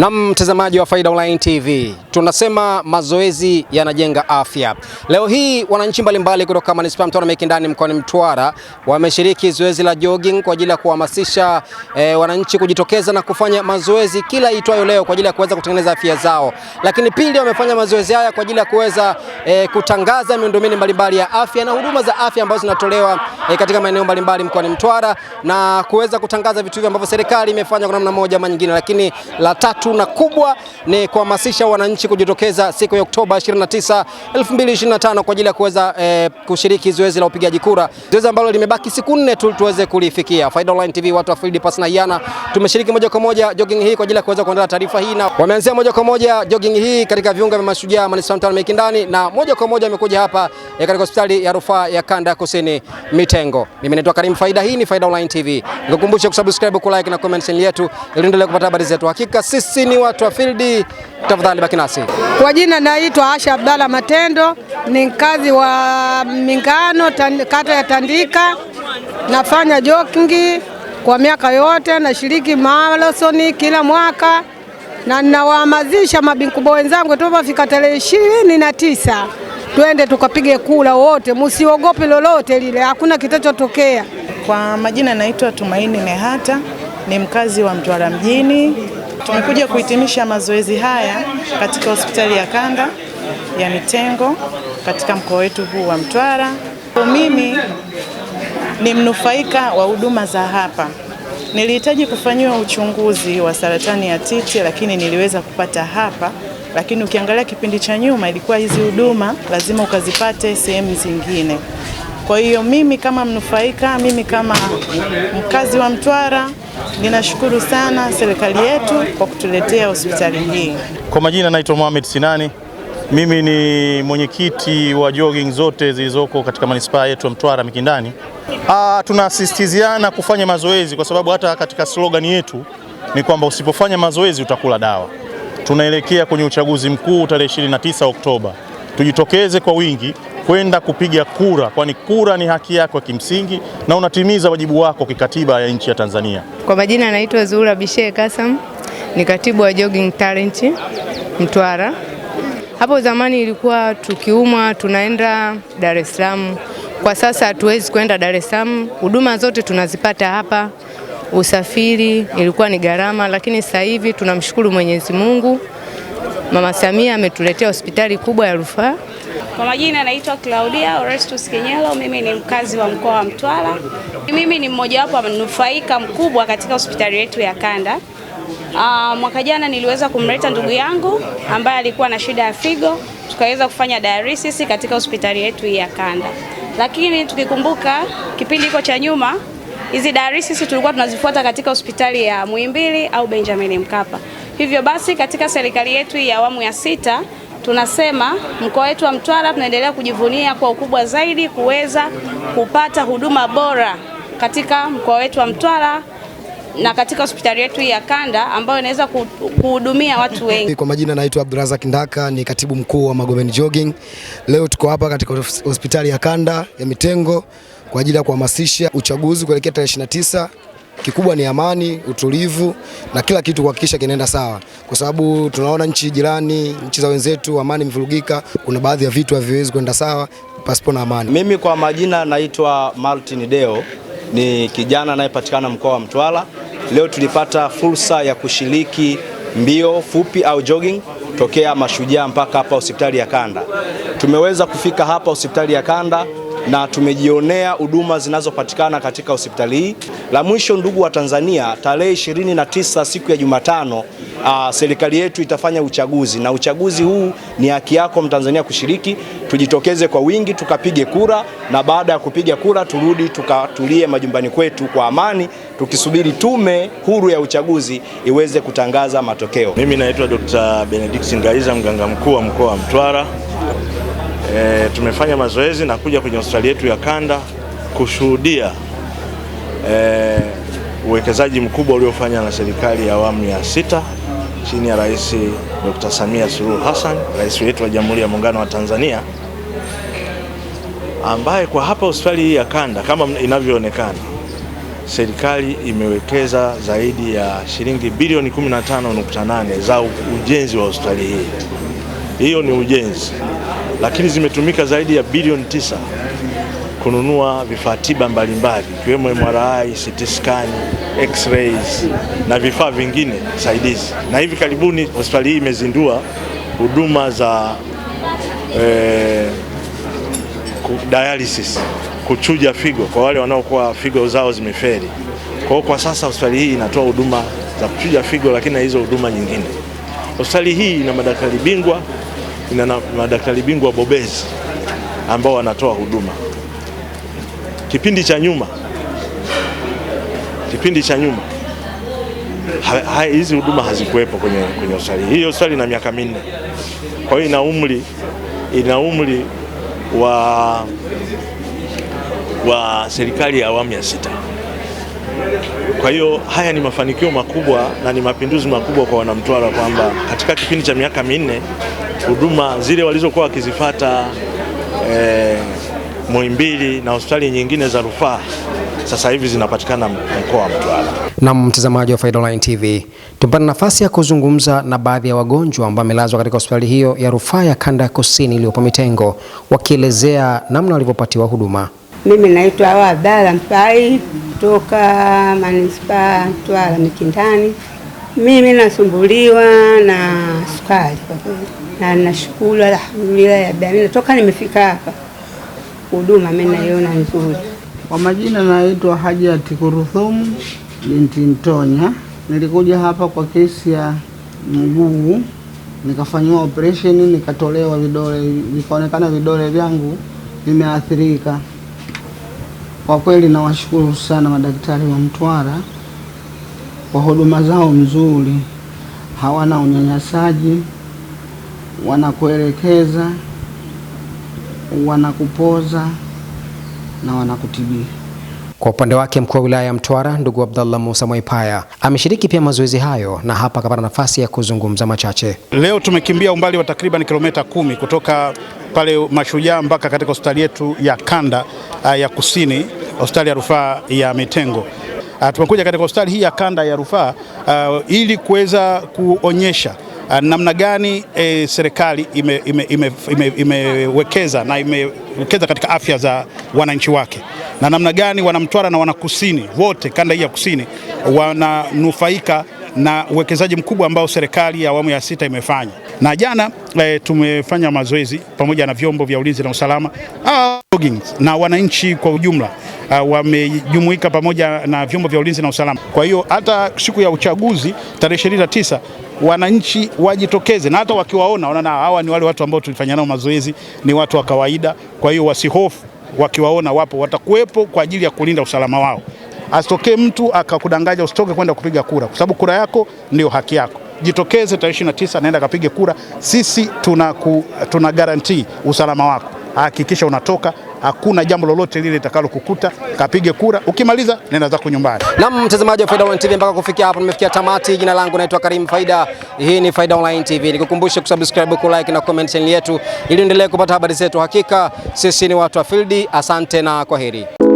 Na mtazamaji wa Faida Online TV, tunasema mazoezi yanajenga afya. Leo hii wananchi mbalimbali kutoka manispaa Mtwara Mikindani mkoani Mtwara wameshiriki zoezi la jogging kwa ajili ya kuhamasisha e, wananchi kujitokeza na kufanya mazoezi kila itwayo leo kwa ajili ya kuweza kutengeneza afya zao, lakini pili wamefanya mazoezi haya kwa ajili ya kuweza e, kutangaza miundombinu mbalimbali ya afya na huduma za afya ambazo zinatolewa e, katika maeneo mbalimbali mkoani Mtwara na kuweza kutangaza vitu hivi ambavyo serikali imefanya kwa namna moja ama nyingine, lakini la tatu na kubwa ni kuhamasisha wananchi kujitokeza siku ya Oktoba 29, 2025 kwa ajili ya kuweza e, kushiriki zoezi la upigaji kura, zoezi ambalo limebaki siku nne tu tuweze kulifikia. Faida Online TV watu wa field pass na Yana tumeshiriki moja kwa moja jogging hii kwa ajili ya kuweza kuandaa taarifa hii, na wameanzia moja kwa moja jogging hii katika viunga vya Mashujaa manispaa Mikindani, na moja kwa moja wamekuja hapa eh, katika hospitali ya rufaa ya kanda ya kusini Mite Pengo. Mimi naitwa Karim Faida, hii ni Faida Online TV. Nikukumbushe kusubscribe, ku like na comment yetu ili endelee kupata habari zetu. Hakika sisi ni watu wa field, tafadhali baki nasi. Kwa jina naitwa Asha Abdalla Matendo, ni mkazi wa Mingano, kata ya Tandika. Nafanya jogging kwa miaka yote, nashiriki marathon kila mwaka na ninawahamasisha mabinkubo wenzangu tunapofika tarehe ishirini na tisa twende tukapige kula wote, msiogope lolote lile, hakuna kitachotokea. Kwa majina naitwa Tumaini Nehata, ni mkazi wa Mtwara mjini. Tumekuja kuhitimisha mazoezi haya katika hospitali ya kanda ya Mitengo katika mkoa wetu huu wa Mtwara. Mimi ni mnufaika wa huduma za hapa. Nilihitaji kufanyiwa uchunguzi wa saratani ya titi, lakini niliweza kupata hapa lakini ukiangalia kipindi cha nyuma ilikuwa hizi huduma lazima ukazipate sehemu zingine. Kwa hiyo mimi kama mnufaika, mimi kama mkazi wa Mtwara ninashukuru sana serikali yetu kwa kutuletea hospitali hii. Kwa majina naitwa Mohamed Sinani, mimi ni mwenyekiti wa jogging zote zilizoko katika manispaa yetu ya Mtwara Mikindani. Ah, tunasisitiziana kufanya mazoezi kwa sababu hata katika slogani yetu ni kwamba usipofanya mazoezi utakula dawa tunaelekea kwenye uchaguzi mkuu tarehe 29 Oktoba. Tujitokeze kwa wingi kwenda kupiga kura, kwani kura ni haki yako ya kimsingi na unatimiza wajibu wako kikatiba ya nchi ya Tanzania. Kwa majina anaitwa Zuhura Bishee Kasam, ni katibu wa Jogging Talent Mtwara. Hapo zamani ilikuwa tukiumwa tunaenda Dar es Salaam, kwa sasa hatuwezi kwenda Dar es Salaam, huduma zote tunazipata hapa usafiri ilikuwa ni gharama, lakini sasa hivi tunamshukuru Mwenyezi Mungu, Mama Samia ametuletea hospitali kubwa ya rufaa. Kwa majina anaitwa Claudia Orestus Kinyelo, mimi ni mkazi wa mkoa wa Mtwara. Mimi ni mmojawapo wa mnufaika mkubwa katika hospitali yetu ya Kanda. Uh, mwaka jana niliweza kumleta ndugu yangu ambaye alikuwa na shida ya figo, tukaweza kufanya dialysis katika hospitali yetu ya Kanda, lakini tukikumbuka kipindi hiko cha nyuma Hizi dari sisi tulikuwa tunazifuata katika hospitali ya Muhimbili au Benjamin Mkapa. Hivyo basi katika serikali yetu ya awamu ya sita tunasema mkoa wetu wa Mtwara tunaendelea kujivunia kwa ukubwa zaidi kuweza kupata huduma bora katika mkoa wetu wa Mtwara na katika hospitali yetu ya kanda ambayo inaweza kuhudumia watu wengi. Kwa majina naitwa Abdurazak Ndaka, ni katibu mkuu wa Magomeni Jogging. Leo tuko hapa katika hospitali ya kanda ya Mitengo kwa ajili ya kuhamasisha uchaguzi kuelekea tarehe 29. Kikubwa ni amani, utulivu na kila kitu kuhakikisha kinaenda sawa, kwa sababu tunaona nchi jirani, nchi za wenzetu, amani imevurugika. Kuna baadhi ya vitu haviwezi kwenda sawa pasipo na amani. Mimi kwa majina naitwa Martin Deo, ni kijana anayepatikana mkoa wa Mtwara. Leo tulipata fursa ya kushiriki mbio fupi au jogging tokea Mashujaa mpaka hapa hospitali ya Kanda. Tumeweza kufika hapa hospitali ya Kanda na tumejionea huduma zinazopatikana katika hospitali hii. La mwisho, ndugu wa Tanzania, tarehe tisa siku ya Jumatano Uh, serikali yetu itafanya uchaguzi na uchaguzi huu ni haki yako Mtanzania kushiriki. Tujitokeze kwa wingi tukapige kura, na baada ya kupiga kura turudi tukatulie majumbani kwetu kwa amani, tukisubiri tume huru ya uchaguzi iweze kutangaza matokeo. Mimi naitwa Dr. Benedict Ngaiza, mganga mkuu wa mkoa wa Mtwara e, tumefanya mazoezi na kuja kwenye hospitali yetu ya kanda kushuhudia e, uwekezaji mkubwa uliofanywa na serikali ya awamu ya sita chini ya Rais Dr. Samia Suluhu Hassan, rais wetu wa Jamhuri ya Muungano wa Tanzania, ambaye kwa hapa hospitali hii ya kanda kama inavyoonekana serikali imewekeza zaidi ya shilingi bilioni 15.8 za ujenzi wa hospitali hii hiyo ni ujenzi, lakini zimetumika zaidi ya bilioni tisa kununua vifaa tiba mbalimbali ikiwemo MRI, CT scan, x-rays na vifaa vingine saidizi. Na hivi karibuni hospitali hii imezindua huduma za eh, dialysis, kuchuja figo kwa wale wanaokuwa figo zao zimeferi. Kwa hiyo kwa sasa hospitali hii inatoa huduma za kuchuja figo, lakini na hizo huduma nyingine. Hospitali hii ina madaktari bingwa ina madaktari bingwa bobezi ambao wanatoa huduma. Kipindi cha nyuma, kipindi cha nyuma hizi huduma hazikuwepo kwenye, kwenye hospitali hii. Hospitali ina miaka minne, kwa hiyo ina umri ina umri wa, wa serikali ya awamu ya sita. Kwa hiyo haya ni mafanikio makubwa na ni mapinduzi makubwa kwa Wanamtwara kwamba katika kipindi cha miaka minne huduma zile walizokuwa wakizifata eh, Muhimbili na hospitali nyingine za rufaa sasa hivi zinapatikana mkoa wa Mtwara. Na mtazamaji wa Faida Online TV, tupata nafasi ya kuzungumza na baadhi ya wagonjwa ambao wamelazwa katika hospitali hiyo ya rufaa ya kanda ya kusini iliyopo Mitengo, wakielezea namna walivyopatiwa huduma. Mimi naitwa Abdalla Mpai kutoka manispaa Mtwara Mikindani. Mimi nasumbuliwa na kali kwa kweli, na nashukuru alhamdulillah ya bani, toka nimefika hapa huduma mimi naiona nzuri. Kwa majina naitwa Hajati Kuruthumu binti Mtonya. Nilikuja hapa kwa kesi ya mguu nikafanyiwa operesheni, nikatolewa vidole, vikaonekana vidole vyangu vimeathirika. Kwa kweli nawashukuru sana madaktari wa Mtwara kwa huduma zao nzuri hawana unyanyasaji, wanakuelekeza, wanakupoza na wanakutibia. Kwa upande wake mkuu wa wilaya ya Mtwara ndugu Abdallah Musa Mwaipaya ameshiriki pia mazoezi hayo na hapa akapata nafasi ya kuzungumza machache. Leo tumekimbia umbali wa takriban kilomita kumi kutoka pale Mashujaa mpaka katika hospitali yetu ya kanda ah, ya kusini, hospitali ya rufaa ya Mitengo. Ah, tumekuja katika hospitali hii ya kanda ya rufaa uh, ili kuweza kuonyesha uh, namna gani eh, serikali imewekeza ime, ime, ime, ime na imewekeza katika afya za wananchi wake na namna gani wanamtwara na wanakusini wote kanda hii ya kusini wananufaika na uwekezaji mkubwa ambao serikali ya awamu ya sita imefanya. Na jana e, tumefanya mazoezi pamoja na vyombo vya ulinzi na usalama na wananchi kwa ujumla uh, wamejumuika pamoja na vyombo vya ulinzi na usalama. Kwa hiyo hata siku ya uchaguzi tarehe 29 wananchi wajitokeze, na hata wakiwaona wanaona hawa ni wale watu ambao tulifanya nao mazoezi, ni watu wa kawaida. Kwa hiyo wasihofu, wakiwaona wapo, watakuwepo kwa ajili ya kulinda usalama wao. Asitokee mtu akakudanganya usitoke kwenda kupiga kura, kwa sababu kura yako ndio haki yako. Jitokeze tarehe 29, naenda kapige kura. Sisi tuna, tuna garantii usalama wako. Hakikisha unatoka hakuna jambo lolote lile litakalokukuta. Kapige kura, ukimaliza nenda zako nyumbani. Na mtazamaji wa Faida Online TV, mpaka kufikia hapo nimefikia tamati. Jina langu naitwa Karim Faida, hii ni Faida Online TV. Nikukumbushe kusubscribe, ku like na comment channel yetu ili uendelee kupata habari zetu. Hakika sisi ni watu wa field. Asante na kwaheri.